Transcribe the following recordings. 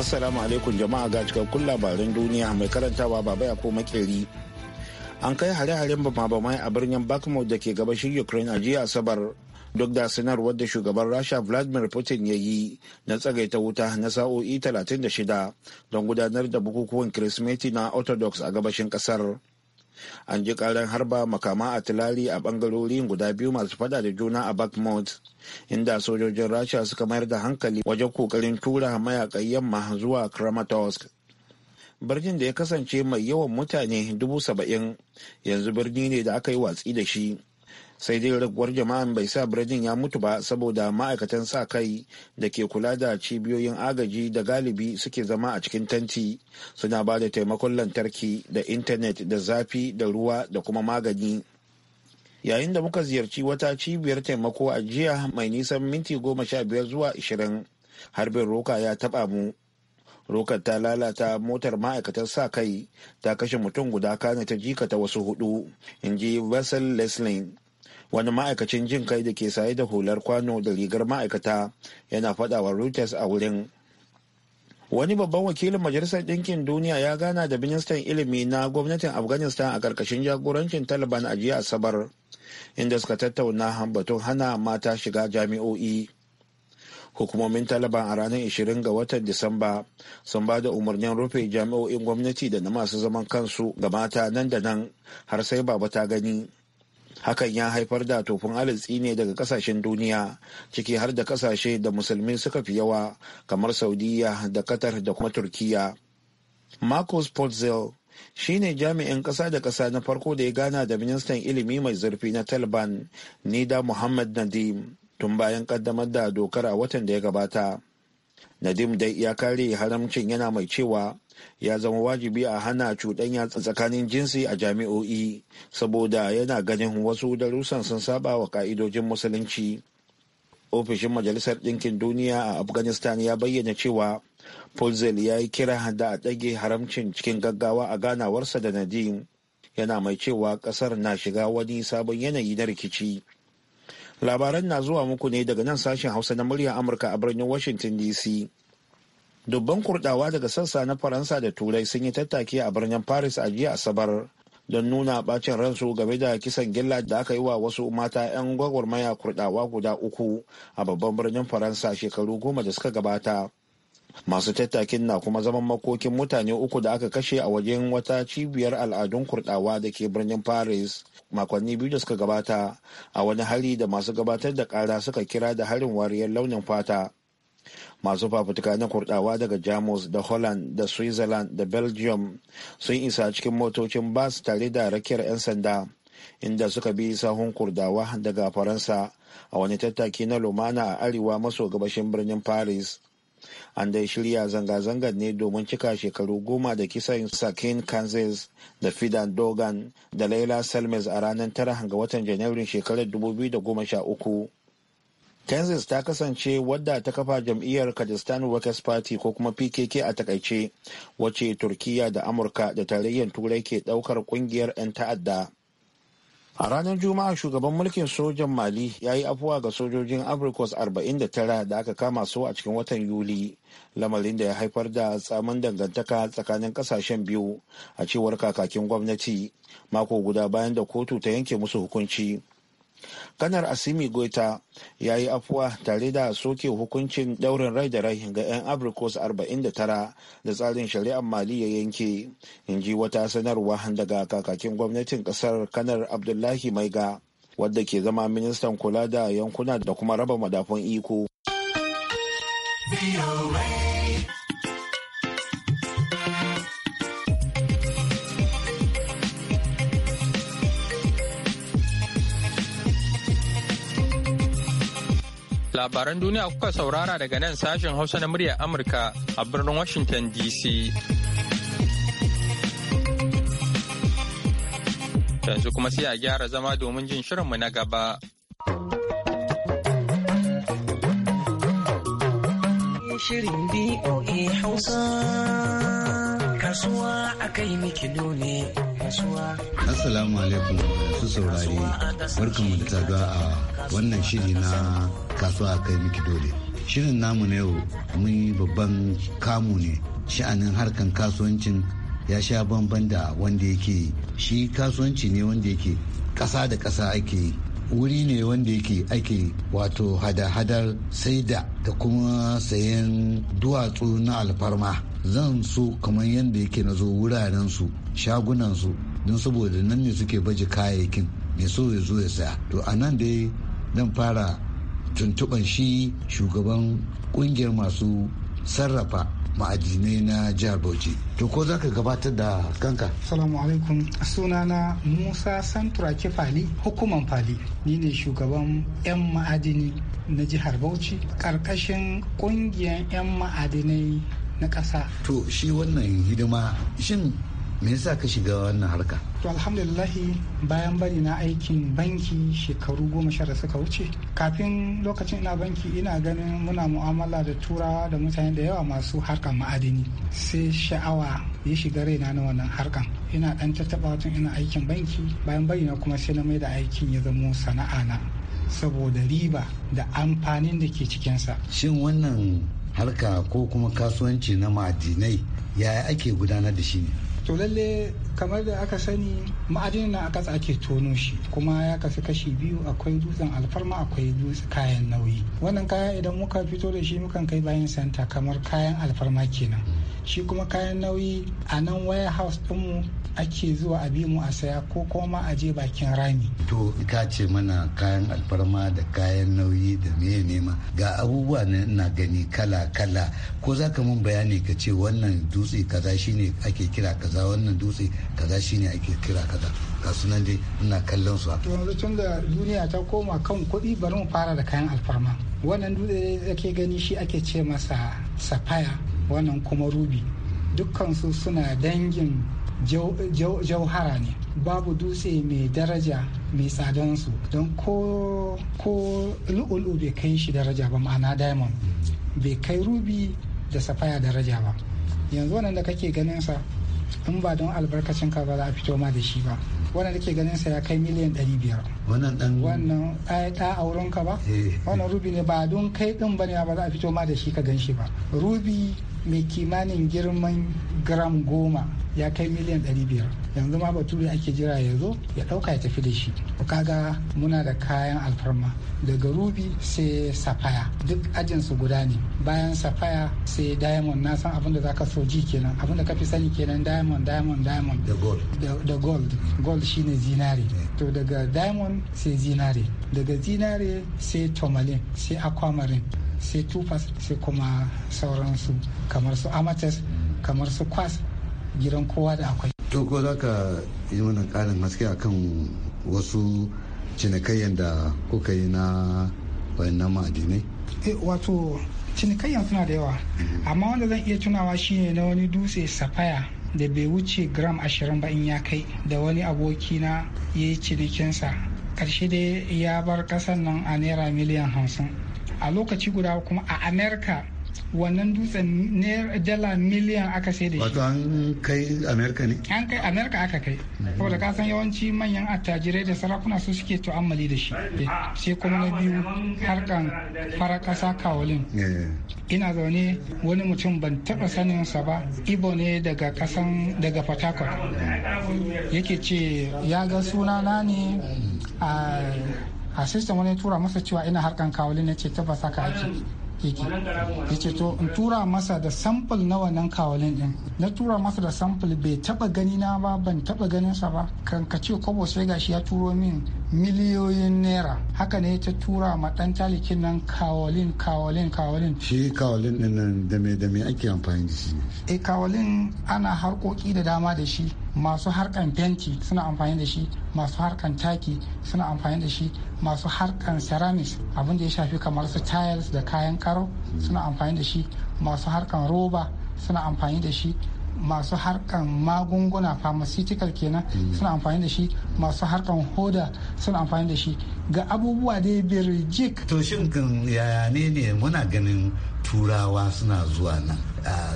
Assalamu alaikum jama'a ga cikakkun labaran duniya mai karantawa baba ya ko makeri. An kai hare-haren bama-bamai a birnin Bakhmut da ke gabashin Ukraine a jiya Asabar duk da sanarwar da shugaban Rasha Vladimir Putin ya yi na tsagaita wuta na sa'o'i 36 don gudanar da bukukuwan Kirsimeti na Orthodox a gabashin kasar. an ji karan harba makama a tilari a bangarori guda biyu masu fada da juna a bakhmut inda sojojin rasha suka mayar da hankali wajen kokarin tura mayakan yamma zuwa kramatorsk birnin da ya kasance mai yawan mutane dubu saba'in yanzu birni ne da aka yi watsi da shi sai dai raguwar jama'an bai sa birnin ya mutu ba saboda ma'aikatan sa kai da ke kula da cibiyoyin agaji da galibi suke zama a cikin tanti suna ba da taimakon lantarki da intanet da zafi da ruwa da kuma magani yayin da muka ziyarci wata cibiyar taimako a jiya mai nisan minti goma sha biyar zuwa ishirin harbin roka ya taba mu rokar ta lalata motar ma'aikatar sa kai ta kashe mutum guda kana ta jikata wasu hudu in ji vessel leslie wani ma'aikacin jin kai da ke saye da hular kwano da rigar ma'aikata yana fadawa reuters a wurin wani babban wakilin majalisar ɗinkin duniya ya gana da ministan ilimi na gwamnatin afghanistan a ƙarƙashin jagorancin taliban a jiya asabar inda suka tattauna hambatun hana mata shiga jami'o'i hukumomin taliban a ranar 20 ga watan disamba sun ba da umarnin rufe jami'o'in gwamnati da na masu zaman kansu ga mata nan da nan har sai baba ta gani hakan ya haifar da tofin alitsi ne daga kasashen duniya ciki har da kasashe da musulmi suka fi yawa kamar saudiya da katar da kuma turkiya marcos potzel ne jami'in kasa da kasa na farko da ya gana da ministan ilimi mai zurfi na taliban nida muhammad nadim tun bayan kaddamar da dokar a watan da ya gabata nadim dai ya kare haramcin yana mai cewa ya zama wajibi a hana cuɗanya tsakanin jinsi a jami'o'i saboda yana ganin wasu darussan sun saba wa ka'idojin musulunci ofishin majalisar ɗinkin duniya a afghanistan ya bayyana cewa polzel ya yi kira da a ɗage haramcin cikin gaggawa a ganawarsa da nadin yana mai cewa ƙasar na shiga wani sabon yanayi na rikici labaran na zuwa muku ne daga nan sashen hausa na murya amurka a birnin washington dc dubban kurdawa daga sassa na faransa da turai sun yi tattaki a birnin paris a jiya asabar don nuna bacin ransu game da kisan gilla da aka yi wa wasu mata 'yan gwagwarmaya kurdawa guda uku a babban birnin faransa shekaru goma da suka gabata masu tattakin na kuma zaman makokin mutane uku da aka kashe a wajen wata cibiyar al'adun kurdawa da ke birnin paris makonni biyu da suka gabata a wani hari da masu gabatar da kara suka kira da harin wariyar launin fata masu fafutuka na kurdawa daga jamus da holland da switzerland da belgium sun isa cikin motocin bas tare da rakiyar 'yan sanda inda suka bi sahun kurdawa daga faransa a wani tattaki na lumana a arewa maso gabashin birnin paris an dai shirya zanga-zangar ne domin cika shekaru goma da kisan sakin kansas da fidan dogan da laila selmes a ranar tara ga watan janairun shekarar 2013 kansas ta kasance wadda ta kafa jam'iyyar Kajistan workers party ko kuma pkk a takaice wacce turkiya da amurka da tarayyar turai ke daukar kungiyar 'yan ta'adda a ranar juma'a shugaban mulkin sojan mali ya yi afuwa ga sojojin africos 49 da aka kama su a cikin watan yuli lamarin da ya haifar da tsamin dangantaka tsakanin kasashen biyu a cewar kakakin gwamnati mako guda bayan da kotu ta yanke musu hukunci kanar asimi goita ya yi afuwa tare da soke hukuncin daurin rai da rai ga 'yan abrikos 49 da tsarin shari'ar mali ya yanke in ji wata sanarwa daga kakakin gwamnatin kasar kanar abdullahi maiga wadda ke zama ministan kula da yankuna da kuma raba madafun iko. Labaran duniya kuka saurara daga nan sashen Hausa na muryar Amurka a birnin Washington DC. Yanzu kuma sai a gyara zama domin jin shirinmu na gaba. Shirin BOA Hausa kasuwa a kai miki kasuwa. Assalamu alaikum su saurari barkanmu da a wannan shiri na kasuwa kai miki dole shirin namu na yau mun yi babban kamu ne sha'anin harkan kasuwancin ya sha bamban da wanda yake shi kasuwanci ne wanda yake ƙasa da ƙasa ake yi wuri ne wanda yake ake wato hada-hadar saida da kuma sayan duwatsu na alfarma zan so kamar yadda yake na zo wurarensu shagunansu don saboda nan ne suke baje kayayyakin mai so ya zo ya saya to a nan dai zan fara tuntuban shi shugaban kungiyar masu sarrafa ma'adinai na jihar bauchi to ko za ka gabatar da kanka salamu alaikum sunana musa ke fali hukuman fali ni ne shugaban 'yan ma'adini na jihar bauchi karkashin kungiyar 'yan ma'adinai na ƙasa to shi wannan hidima shin me yasa ka shiga wannan harka to alhamdulillah bayan bari na aikin banki shekaru goma sha da suka wuce kafin lokacin ina banki ina ganin muna mu'amala da turawa da mutane da yawa masu harkar ma'adini sai sha'awa ya shiga raina na wannan harkar. ina dan tattaba tun ina aikin banki bayan bari na kuma sai na mai da aikin ya zamo sana'a na saboda riba da amfanin da ke cikinsa. Shin wannan harka ko kuma kasuwanci na ma'adinai yaya ake gudanar da shi ne? to lalle kamar da aka sani ma'adinin na aka ake tono shi kuma ya kasu kashi biyu akwai dutsen alfarma akwai dutsen kayan nauyi wannan kayan idan muka fito da shi mukan kai bayan santa kamar kayan alfarma kenan shi kuma kayan nauyi a nan waya haus dinmu ake zuwa a bi mu a saya ko kuma a je bakin rami. To ka ce mana kayan alfarma da kayan nauyi da meye nema ga abubuwa na gani kala kala ko za ka mun bayani ka ce wannan dutse kaza shine ake kira kaza wannan dutse kaza shine ake kira kaza ga sunan dai ina kallon su To Yanzu tun da duniya ta koma kan kuɗi bari mu fara da kayan alfarma. Wannan dutse ake gani shi ake ce masa sapphire wannan kuma rubi dukkansu suna dangin jauhara ne babu dutse mai daraja mai tsadansu don ko lu'ulu bai kai shi daraja ba ma'ana diamond bai kai rubi da safaya daraja ba yanzu wannan da kake ganin sa in ba don albarkacin ka ba za a fito ma da shi ba wannan da ke ganin sa ya kai miliyan 500 wannan dan wannan ta auren ka ba eh. wannan rubi ne ba don kai din bane ba za a fito ma da shi ka gan shi ba rubi mai kimanin girman gram goma ya kai miliyan 500 yanzu ma bature ake jira ya zo ya ɗauka ya tafi da shi kaga muna da kayan alfarma daga rubi sai safaya duk ajinsu guda ne bayan safaya sai diamond na san abinda zaka so ji kenan abinda ka fi sani kenan diamond diamond diamond da gold da gold gold shine zinare eh. to daga diamond sai zinare daga zinare sai tourmaline sai aquamarine sai tufas sai kuma sauransu kamar su amates kamar su kwas gidan kowa da akwai to ko za ka yi mana karin haske akan wasu cinikayyar da kuka yi na wayannan ma'adinai eh, wato cinikayyar suna da yawa mm-hmm. amma wanda zan iya tunawa shine na wani dutse safaya da bai wuce gram ashirin ba in ya kai da wani aboki na ya yi cinikinsa karshe dai ya bar kasan nan a naira miliyan hamsin a lokaci guda kuma a amerika wannan dutsen dala miliyan aka sai da shi wato an kai amerika ne an kai amerika aka kai saboda ka san yawanci manyan attajirai da sarakuna su suke tu'ammali da shi sai kuma na biyu harkan fara kasa kawolin eh. ina zaune wani mutum ban taba sanin sa ba ibo ne daga kasan daga fatakwa yake ce ya ga sunana ne a a system wani tura masa cewa ina harkan kawalin na ce tabbas haka ake yake ya ce to in tura masa da sample na wannan kawalin din na tura masa da sample bai taba gani na ba ban taba ganin sa ba kan ka ce kobo sai gashi ya turo min miliyoyin naira haka ne ta tura ma dan talikin nan kawalin kawalin kawalin shi kawalin din nan da me da me ake amfani da shi eh kawalin ana harkoki da dama da shi masu harkan fenti suna amfani da shi masu harkan taki suna amfani da shi masu harkan ceramics abin da ya shafi kamar su tiles da kayan karo suna amfani da shi masu harkan roba suna amfani da shi masu harkan magunguna pharmaceutical kenan suna amfani da shi masu harkan hoda suna amfani da shi ga abubuwa dai birjik to shin yaya ne ne muna ganin turawa suna zuwa nan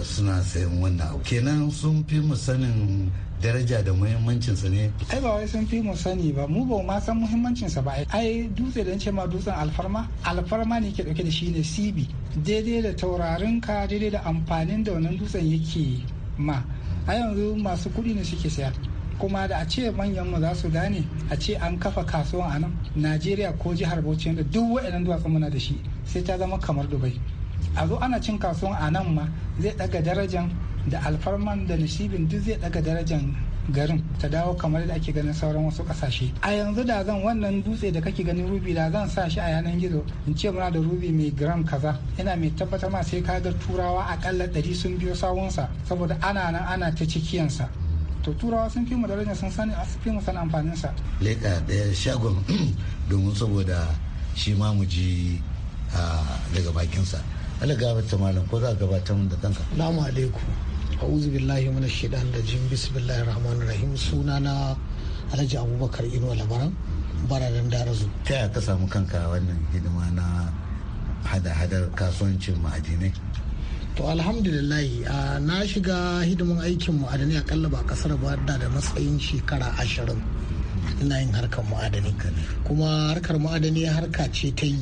suna sayan wannan kenan sun fi mu sanin daraja da muhimmancin sa ne ai ba wai sun fi mu sani ba mu ba ma san muhimmancin sa ba ai dutse da ce ma dutsen alfarma alfarma ne ke dauke da shi ne sibi daidai da taurarin ka daidai da amfanin da wannan dutsen yake ma a yanzu masu kuɗi ne suke saya kuma da a ce manyan mu za su gane a ce an kafa kasuwan a nan najeriya ko jihar bauchi da duk wa'annan duwatsun muna da shi sai ta zama kamar dubai a zo ana cin kasuwan a nan ma zai daga darajan da alfarman da nasibin duk zai daga darajan garin ta dawo kamar da ake ganin sauran wasu kasashe a yanzu da zan wannan dutse da kake ganin rubi da zan sa shi a yanan gizo in ce muna da rubi mai gram kaza yana mai tabbatar ma sai ka ga turawa akalla ɗari sun biyo sawunsa saboda ana nan ana ta cikiyansa to turawa sun fi mu darajar sun sani a fi mu san amfanin sa leka ɗaya shagon domin saboda shi ma mu ji ah, daga bakinsa alaga ta malam ko za ka gabatar da kanka na'am alaikum a'udhu billahi minash da rajim bismillahir rahmanir rahim sunana Alhaji Abubakar Inuwa Labaran bararen darazu ta yaya ka samu kanka wannan hidima na hada-hadar kasuwancin ma'adinai to alhamdulillah na shiga hidimin aikin ma'adinai akalla ba kasar ba da da matsayin shekara ashirin ina yin harkar ma'adani kuma harkar ma'adani harka ce ta yi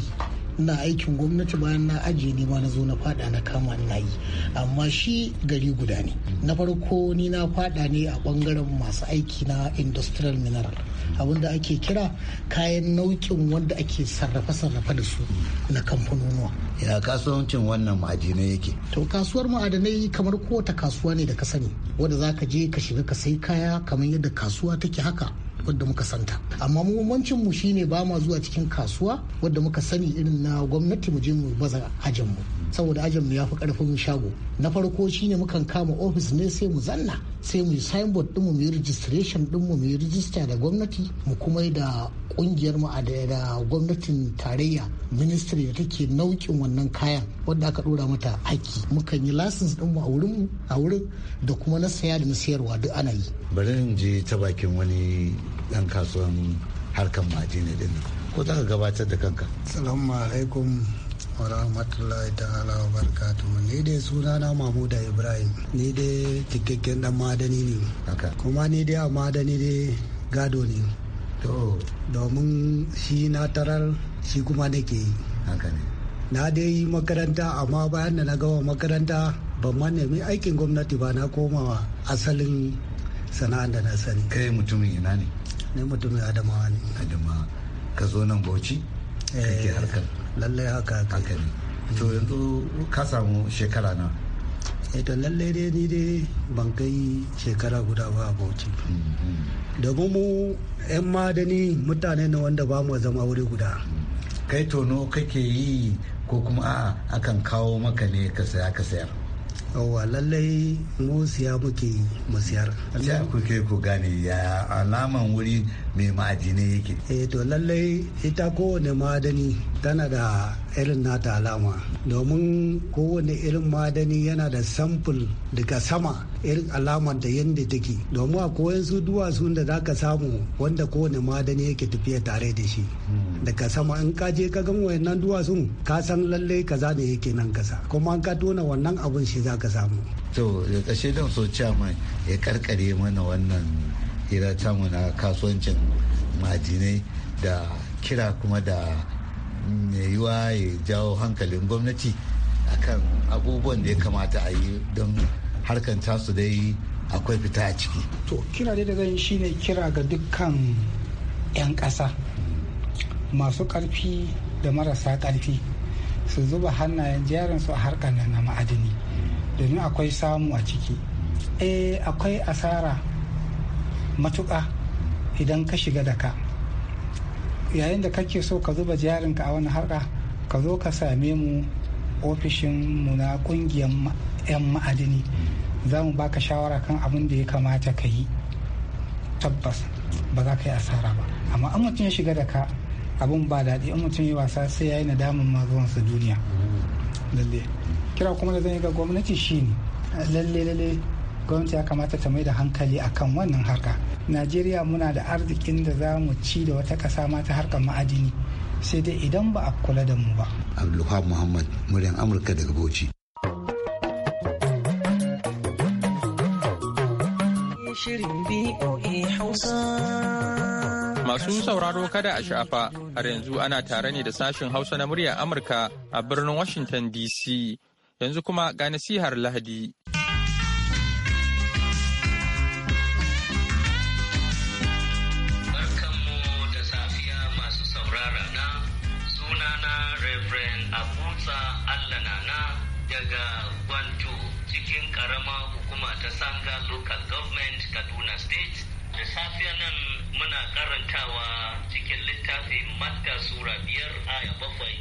na aikin gwamnati bayan na ajiye ne ma na zo na fada na kama na yi amma shi gari guda ne na farko ni na fada ne a bangaren masu aiki na industrial mineral abinda ake kira kayan naukin wanda ake sarrafa-sarrafa da su na kamfanonuwa ya kasuwancin wannan ma'adinai yake to kasuwar ma'adinai kamar kowace kasuwa ne da ka sani wanda za ka je ka shiga ka sai kaya kamar yadda kasuwa take haka wadda muka santa amma muhimmancin mu shine ba ma zuwa cikin kasuwa wadda muka sani irin na gwamnati mu je mu baza ajin mu saboda ajin mu yafi karfin shago na farko shine mukan kama ofis ne sai mu zanna sai mu signboard din mu yi registration din mu yi register da gwamnati mu kuma da kungiyar mu a da gwamnatin tarayya ministry da take naukin wannan kayan wadda aka dora mata haki mukan yi license din mu a wurin mu a wurin da kuma na saya da na sayarwa duk ana yi bari in je ta bakin wani dan kasuwan harkan majina din ko za ka gabatar da kanka salamu alaikum wa rahmatullahi ta'ala wa barakatuhu ni dai sunana mamuda ibrahim ni dai cikakken dan madani ne kuma ni dai a madani dai gado ne domin shi na tarar shi kuma nake yi na dai yi makaranta amma bayan da na gawa makaranta ban ma nemi aikin gwamnati ba na komawa asalin sana'a da na sani kai mutumin ina ne ne mutum ya adama ne adama ka zo nan bauchi eh, kake harkar lallai haka haka ne to hmm. yanzu ka samu shekara na eh, to lallai dai ni dai ban kai shekara guda ba a bauchi hmm, hmm. domin mu 'yan madani mutane ne wanda ba mu zama wuri guda kai tono kake yi ko kuma a akan kawo maka ne ka saya ka sayar yawa lallai mu siya muke mu siyar ya kuke ku gane ya alaman wuri mai ma'adinai yake eh to lallai ita kowane ma'adani tana da irin nata alama domin kowane irin madani yana da samfur daga sama irin alamar da yadda take domin a koyansu duwatsu da za ka samu wanda kowane madani yake tafiya tare da shi hmm. daga sama in ka je ka gan wayannan duwatsun ka san lalle kaza ne yake nan kasa kuma an ka tona wannan abun shi za ka samu to da kashe don so mai ya karkare mana wannan hira tamu na kasuwancin madinai da kira kuma da mai yiwa ya jawo hankalin gwamnati kan abubuwan da ya kamata a yi don harkan tasu dai akwai fita a ciki. To kira da zan yi shine kira ga dukkan 'yan ƙasa masu ƙarfi da marasa ƙarfi su zuba hannayen su a harkar nan na ma'adini domin akwai samu a ciki. Eh akwai asara matuƙa idan ka shiga da ka yayin da kake so ka zuba jarin ka a wani harka ka zo ka same mu ofishin mu na kungiyar 'yan ma'adini za mu baka shawara kan abin da ya kamata ka yi tabbas ba za ka yi asara ba amma an mutum ya shiga da ka abin ba daɗi an mutum ya wasa sai ya yi nadamin mazuwansa duniya lalle kira kuma da zan yi ga gwamnati shine lalle lalle gwamnati ya kamata ta mai da hankali a kan wannan harka najeriya muna da arzikin da za mu ci da wata ƙasa mata harkar ma'adini sai dai idan ba a kula da mu ba abdulhab muhammad muryan amurka daga bauchi Masu sauraro kada a shafa har yanzu ana tare ne da sashen Hausa na muryar Amurka a birnin Washington DC. Yanzu kuma ga nasihar Lahadi. kutsa allah na na daga Gwanto cikin karama hukuma ta sanga local government kaduna state da safiya nan muna karantawa cikin littafin matta sura biyar aya bakwai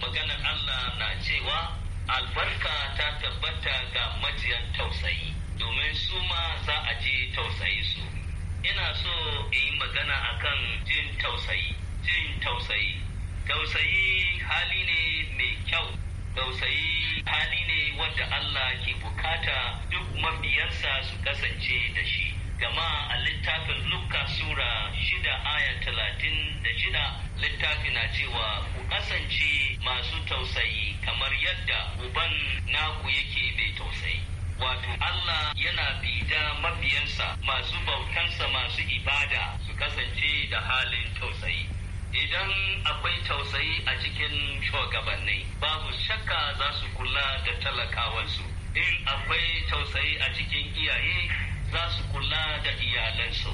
maganar allah na cewa albarka ta tabbata ga majiyan tausayi domin su ma za a ji tausayi su ina so in yi magana akan jin tausayi jin tausayi Dausayi hali ne mai kyau, tausayi hali ne wanda Allah ke bukata duk mabiyansa su kasance da shi. Gama a littafin Luka Sura shida aya talatin da shida littafi na cewa ku kasance masu tausayi kamar yadda uban naku yake mai tausayi. Wato Allah yana bida mabiyansa masu bautansa masu ibada su kasance da halin tausayi. idan akwai tausayi a cikin shugabanni babu shakka za su kula da talakawansu in akwai tausayi a cikin iyaye za su kula da iyalansu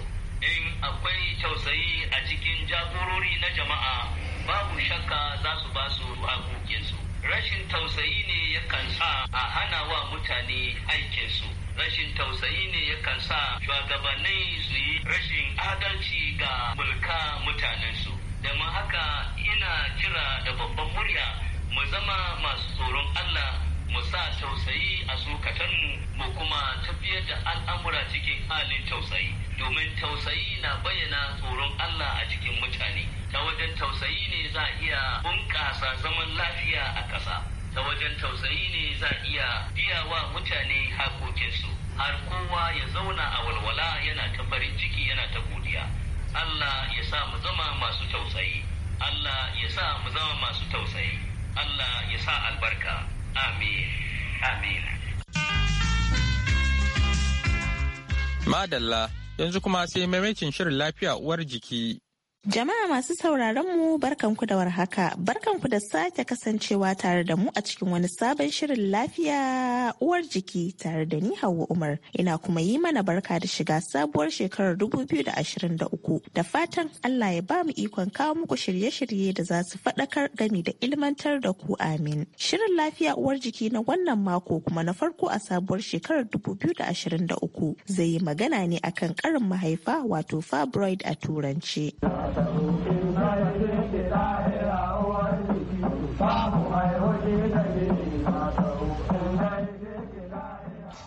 in akwai tausayi a cikin jagorori na jama'a babu shakka za su ba su hakokinsu rashin tausayi ne yakan sa a hana wa mutane aikinsu rashin tausayi ne yakan sa shugabanni su yi rashin adalci ga mulka mutanensu da haka ina kira da babban murya mu zama masu tsoron Allah mu sa tausayi a zukatanmu mu kuma tafiyar da al'amura cikin halin tausayi domin tausayi na bayyana tsoron Allah a cikin mutane ta wajen tausayi ne za a iya bunƙasa zaman lafiya a ƙasa ta wajen tausayi ne za a iya biya wa mutane hakokinsu har kowa ya zauna a walwala yana ta farin ciki yana ta godiya Allah ya sa mu zama masu tausayi Allah ya sa mu zama masu tausayi Allah ya sa albarka amin amin madalla yanzu kuma sai maimakin shirin lafiya uwar jiki Jama'a masu sauraron mu barkanku da warhaka, barkanku da sake kasancewa tare da mu a cikin wani sabon shirin lafiya uwar jiki tare da ni Hauwa Umar. Ina kuma yi mana barka da shiga sabuwar shekarar 2023 da fatan Allah ya ba mu ikon kawo muku shirye-shirye da za su faɗakar gami da ilmantar da ku amin. Shirin lafiya uwar jiki na wannan mako kuma na farko a sabuwar shekarar 2023 zai yi magana ne akan karin mahaifa wato fibroid a turanci. Thank you.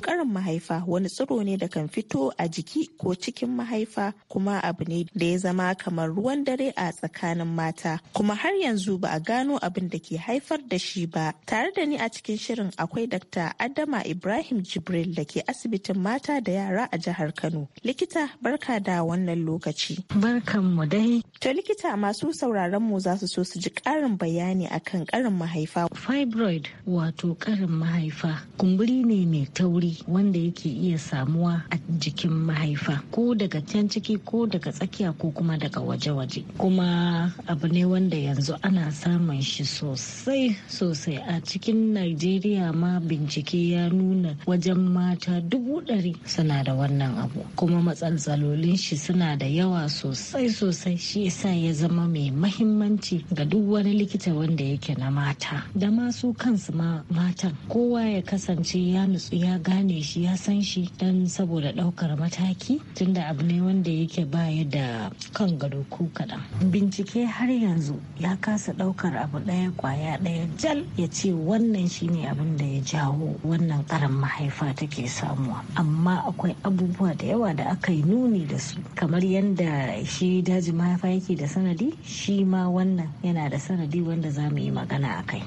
Karin mahaifa wani tsiro ne da kan fito a jiki ko cikin mahaifa kuma abu ne da ya zama kamar ruwan dare a tsakanin mata kuma har yanzu ba a gano abin da ke haifar da shi ba. Tare da ni a cikin shirin akwai Dr. Adama Ibrahim Jibril da ke asibitin mata da yara a jihar Kano. Likita barka da wannan lokaci. Barkan mu dai. To likita masu sauraron mu za su so su ji ƙarin bayani akan karin mahaifa. Fibroid wato karin mahaifa kumburi ne mai tauri wuri wanda yake iya samuwa a jikin mahaifa ko daga can ciki ko daga tsakiya ko kuma daga waje-waje kuma abu ne wanda yanzu ana samun shi sosai sosai a cikin najeriya ma bincike ya nuna wajen mata dubu ɗari suna da wannan abu kuma matsaltsalolin shi suna da yawa sosai sosai shi yasa ya zama mai mahimmanci ga duk wani likita wanda yake na mata da masu kansu ma matan kowa ya kasance ya nutsu ya gane shi ya san shi don saboda ɗaukar mataki tunda abu ne wanda yake baya da kan gado ko kaɗan bincike har yanzu ya kasa ɗaukar abu ɗaya kwaya ɗaya jal ya ce wannan shine abin da ya jawo wannan karan mahaifa take samuwa amma akwai abubuwa da yawa da aka yi nuni da su kamar yadda shi daji mahaifa yake da sanadi shi ma wannan yana da sanadi wanda za mu yi magana a kai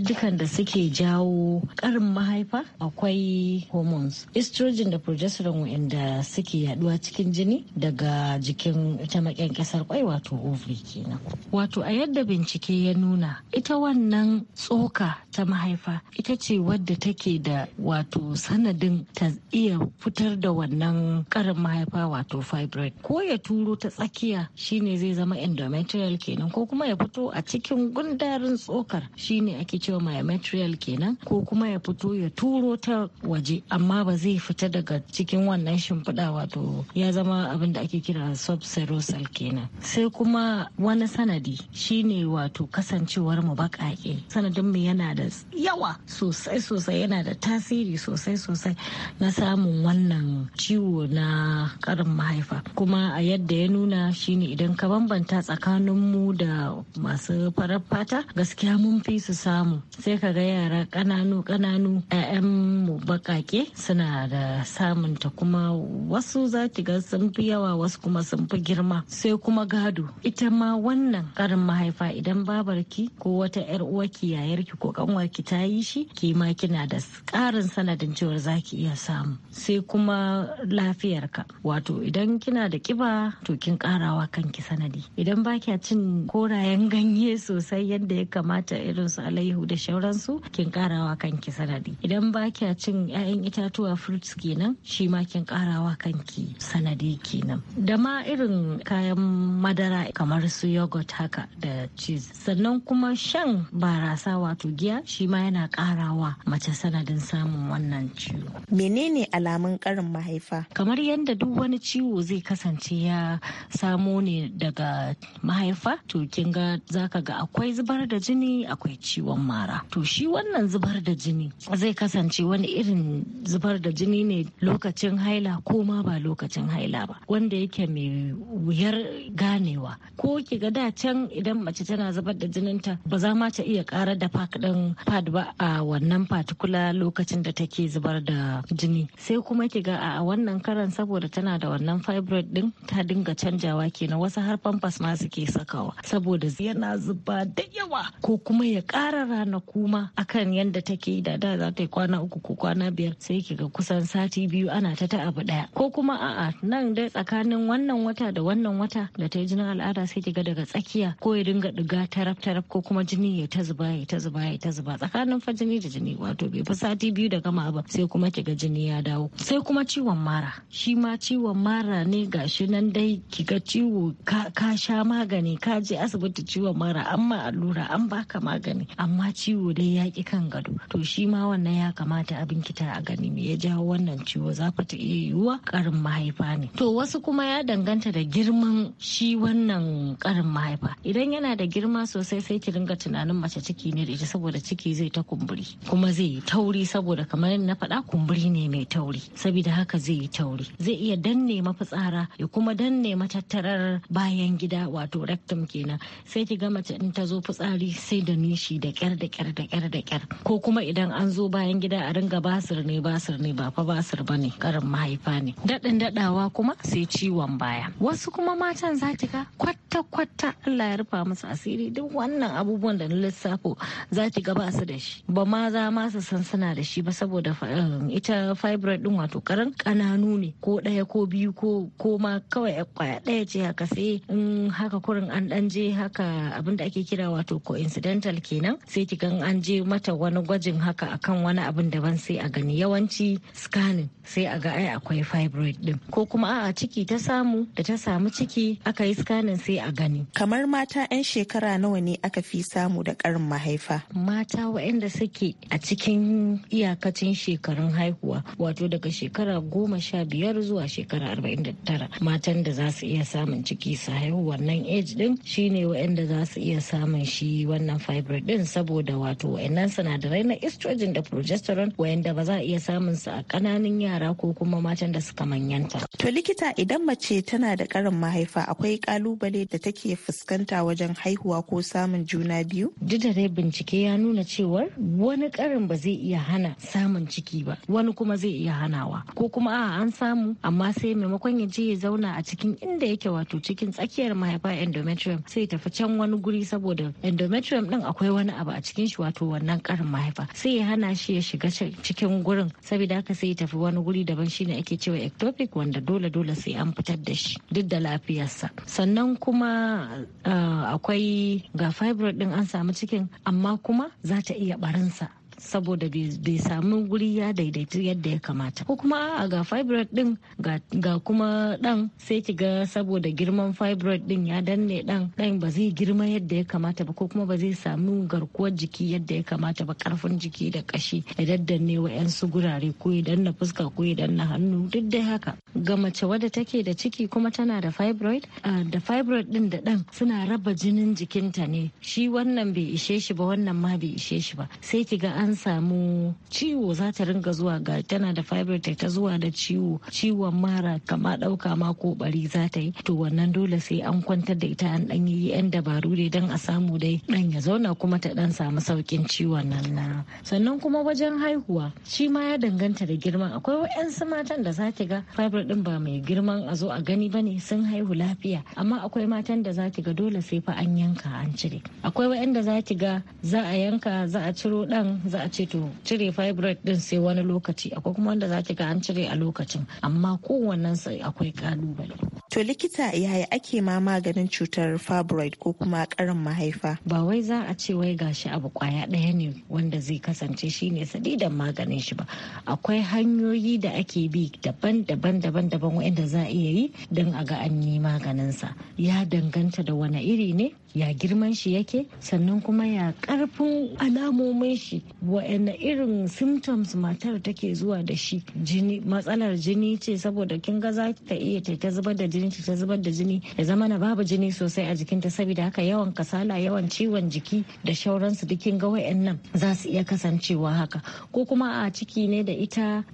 dukan da suke jawo karin mahaifa akwai hormones estrogen da progesterone wanda suke yaduwa cikin jini daga jikin ita maken kasar kwai wato ovary kenan wato a yadda bincike ya nuna ita wannan tsoka ta mahaifa ita ce wadda take da wato sanadin ta iya fitar da wannan karin mahaifa wato fibroid ko ya turo ta tsakiya shine zai zama endometrial kenan ko kuma ya fito a cikin gundarin tsokar shine ake cewa myometrial kenan ko kuma ya fito ya turo ta waje amma ba zai fita daga cikin wannan shimfiɗa wato ya zama abin da ake kira subserosal kenan sai kuma wani sanadi shine wato kasancewar mu baƙaƙe sanadin mu yana da yawa sosai sosai yana da tasiri sosai sosai na samun wannan ciwo na karin mahaifa kuma a yadda ya nuna shine idan ka bambanta tsakanin mu da masu farar fata gaskiya mun fi su samu sai ka ga yara ƙananu ƙananu 'ya'yan mu bakake suna da samun ta kuma wasu za ki ga sun fi yawa wasu kuma sun fi girma sai kuma gado ita ma wannan karin mahaifa idan babarki ko wata yar uwarki yayarki ko kanwarki ta yi shi ki ma kina da karin sanadin cewa za ki iya samu sai kuma lafiyarka wato idan kina da kiba to kin karawa kanki sanadi idan ba kya cin korayen ganye sosai yadda ya kamata irin su alaihu da shauransu kin karawa kanki sanadi idan ba kya cin 'ya'yan itatuwa fruits kenan shi ma kin karawa kanki sanadi kenan da ma irin kayan madara kamar su yogurt haka da cheese sannan kuma shan barasa wato giya shi ma yana karawa mace sanadin samun wannan ciwo menene alamun karin mahaifa kamar yadda duk wani ciwo zai kasance ya samo ne daga mahaifa to kin ga zaka ga akwai zubar da jini akwai ciwon mara to shi wannan zubar da jini zai kasance wani irin zubar da jini ne lokacin haila ko ma ba lokacin haila ba wanda yake mai wuyar ganewa ko ki ga da can idan mace tana zubar da jininta ba za ma ta iya kara da pak din pad ba a wannan particular lokacin da take zubar da jini sai kuma ki ga a wannan karan saboda tana da wannan fibroid din ta dinga canjawa kenan wasu har pampas ma suke sakawa saboda yana zuba da yawa ko kuma ya kara ranaku ma akan yadda take da da za ta yi kwana uku ko kwana biyar sai kiga kusan sati biyu ana ta abu daya ko kuma a'a nan dai tsakanin wannan wata da wannan wata da ta yi jinin al'ada sai kiga daga tsakiya ko ya dinga diga taraf taraf ko kuma jini ya ta zuba ya ta zuba ya ta zuba tsakanin fa jini da jini wato bai fi sati biyu da gama ba sai kuma kiga jini ya dawo sai kuma ciwon mara shi ma ciwon mara ne gashi nan dai ki ga ciwo ka sha magani ka je asibiti ciwon mara amma allura an baka magani amma ciwo dai ya kan gado to shi ma wannan ya kamata abin ki bincika a gani me ya jawo wannan ciwo za ta iya yiwuwa karin mahaifa ne to wasu kuma ya danganta da girman shi wannan karin mahaifa idan yana da girma sosai sai ki ringa tunanin mace ciki ne da ita saboda ciki zai ta kumburi kuma zai yi tauri saboda kamar na faɗa kumburi ne mai tauri saboda haka zai yi tauri zai iya danne mafitsara ya kuma danne matattarar bayan gida wato rectum kenan sai ki ga mace in ta zo fitsari sai da nishi da kyar da kyar da kyar da kyar ko kuma idan an zo bayan gida a ringa ba basir ne basir ba fa basir ba ne karin mahaifa ne daɗin daɗawa kuma sai ciwon baya wasu kuma matan za ki ga kwata kwata Allah ya rufa musu asiri duk wannan abubuwan da na lissafo za ki ga ba su da shi ba ma za ma su san suna da shi ba saboda um, ita fibroid din wato karan kananu ne ko ɗaya ko biyu ko ko ma kawai kwaya ɗaya ce haka sai in haka kurin an ɗan je haka abin da ake kira wato coincidental kenan sai ki ga an je mata wani gwajin haka akan wani abin daban sai a magani yawanci scanning sai a ga ai akwai fibroid din ko kuma a'a ciki ta samu da ta samu ciki aka yi scanning sai a gani kamar mata 'yan shekara nawa ne aka fi samu da karin mahaifa mata waɗanda suke a cikin iyakacin shekarun haihuwa wato daga shekara goma sha biyar zuwa shekara arba'in da tara matan da za su iya samun ciki su haihu wannan age ɗin shine waɗanda za su iya samun shi wannan fibroid din saboda wato waɗannan sinadarai na estrogen da progesterone waɗanda ba za a iya samun su a ƙananan yara ko kuma matan da suka manyanta. To likita idan mace tana da karin mahaifa akwai kalubale da take fuskanta wajen haihuwa ko samun juna biyu? Duk da dai bincike ya nuna cewar wani karin ba zai iya hana samun ciki ba wani kuma zai iya hanawa ko kuma a an samu amma sai maimakon ya je ya zauna a cikin inda yake wato cikin tsakiyar mahaifa endometrium sai tafi can wani guri saboda endometrium din akwai wani abu a cikin shi wato wannan karin mahaifa sai ya hana shi ya shiga cikin cikin gurin saboda haka sai tafi wani guri daban shine ake cewa ectopic wanda dole dole sai an fitar da shi duk da lafiyarsa sannan kuma eh, akwai ga fibroid din an samu cikin amma kuma za ta iya barinsa saboda bai samu guri ya daidaitu yadda ya kamata ko kuma a ga fibroid din ga kuma dan sai ki ga saboda girman fibroid din ya danne dan dan ba zai girma yadda ya kamata ba ko kuma ba zai samu garkuwar jiki yadda ya kamata ba karfin jiki da kashi ya daddanne wa'yansu gurare ko ya danna fuska ko ya danna hannu duk dai haka ga mace wadda take da ciki kuma tana da fibroid da fibroid din da dan suna raba jinin jikinta ne shi wannan bai ishe shi ba wannan ma bai ishe shi ba sai ki ga an an samu ciwo za ta ringa zuwa ga tana da fiber ta zuwa da ciwo ciwon mara kama ɗauka ma ko bari za ta yi to wannan dole sai an kwantar da ita an ɗan yi yan dabaru dai don a samu dai ɗan ya zauna kuma ta ɗan samu sauƙin ciwon nan na sannan kuma wajen haihuwa shi ma ya danganta da girma akwai wa'yansu matan da za ta ga fiber ɗin ba mai girman a zo a gani ba ne sun haihu lafiya amma akwai matan da za ta ga dole sai fa an yanka an cire akwai wa'yanda za ta ga za a yanka za a ciro ɗan za za a ce to cire fibroid din sai wani lokaci akwai kuma wanda za ki ga an cire a lokacin amma kowannen sai akwai kalubale To likita yaya ake ma maganin cutar fibroid ko kuma karin mahaifa? Ba wai za a ce wai gashi abu kwaya ɗaya ne wanda zai kasance shine sadidan maganin shi ba. Akwai hanyoyi da ake bi daban-daban daban-daban za a iya yi don a ga an yi maganin sa. Ya danganta da wani iri ne, ya girman shi yake, sannan kuma ya karfin alamomin shi, wa'anda irin symptoms matar take zuwa da shi. Jini matsalar jini ce saboda kin ga za ta iya ta zuba da jini jininta ta zubar da jini ya zama na babu jini sosai a jikinta saboda haka yawan kasala yawan ciwon jiki da shauransu dukin ga wayannan za su iya kasancewa haka ko kuma a ciki ne da ita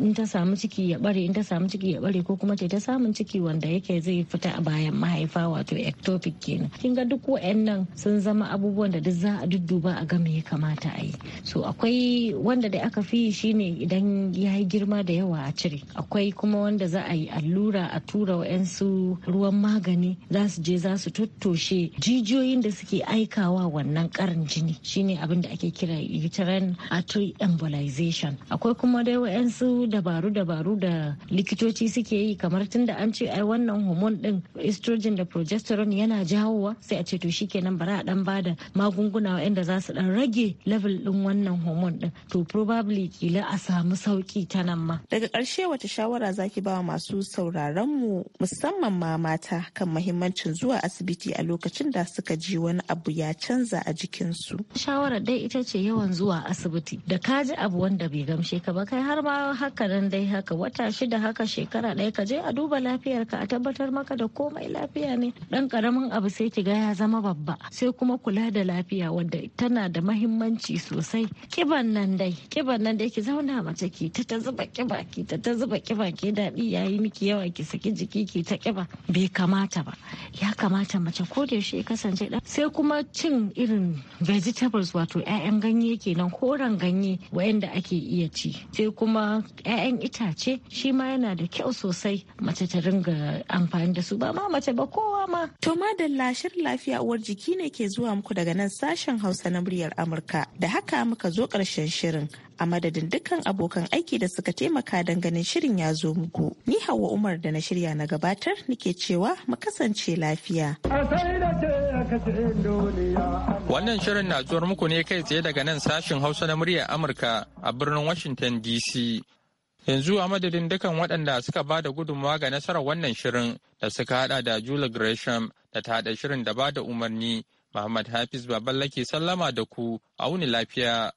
in ta samu ciki ya bare in ta samu ciki ya bare ko kuma ta samun ciki wanda yake zai fita a bayan mahaifa wato ectopic kenan kin ga duk wayannan sun zama abubuwan da duk za a dudduba a ga me ya kamata a yi so akwai wanda da aka fi shine idan ya yi girma da yawa a cire akwai kuma wanda za a yi allura a tura wa'yan waɗansu ruwan magani za su je za su tattoshe jijiyoyin da suke aikawa wannan karin jini shine abin da ake kira uterine artery embolization akwai kuma dai waɗansu dabaru-dabaru da likitoci suke yi kamar tun da an ce ai wannan hormone din estrogen da progesterone yana jawowa sai a ce to shikenan bara a dan bada magunguna waɗanda za su dan rage level din wannan hormone din to probably kila a samu sauki ta nan ma daga karshe wata shawara zaki ba masu sauraron mu musamman ma mata kan mahimmancin zuwa asibiti a lokacin da suka ji wani abu ya canza a jikin jikinsu. Shawarar dai ita ce yawan zuwa asibiti da ka ji abu wanda bai gamshe ka ba kai har ma haka nan dai haka wata shida haka shekara ɗaya ka je a duba lafiyar ka a tabbatar maka da komai lafiya ne ɗan karamin abu sai ki ga ya zama babba sai kuma kula da lafiya wanda tana da mahimmanci sosai kiban nan dai kiban nan dai ki zauna mace ki ta zuba kiba ki ta zuba kiba ki daɗi yayi miki yawa ki saki jiki ki ta kiba bai kamata ba ya kamata mace ko da shi kasance da sai kuma cin irin vegetables wato 'ya'yan ganye kenan koren ganye wayanda ake iya ci sai kuma 'ya'yan itace shi ma yana da kyau sosai mace ta ringa amfani da su ba ma mace ba kowa ma to madalla shirin lafiya uwar jiki ne ke zuwa muku daga nan sashen hausa na muryar amurka da haka muka zo karshen shirin a madadin dukkan abokan aiki da suka taimaka don ganin shirin ya zo muku. Ni Hauwa Umar da na shirya na gabatar nike cewa mu kasance lafiya. Wannan shirin na zuwar muku ne kai tsaye daga nan sashin Hausa na muryar Amurka a birnin Washington DC. Yanzu a madadin dukkan waɗanda suka ba da gudunmawa ga nasarar wannan shirin da suka haɗa da Julie Gresham da ta haɗa shirin da ba da umarni Muhammad Hafiz Baballake sallama da ku a wuni lafiya.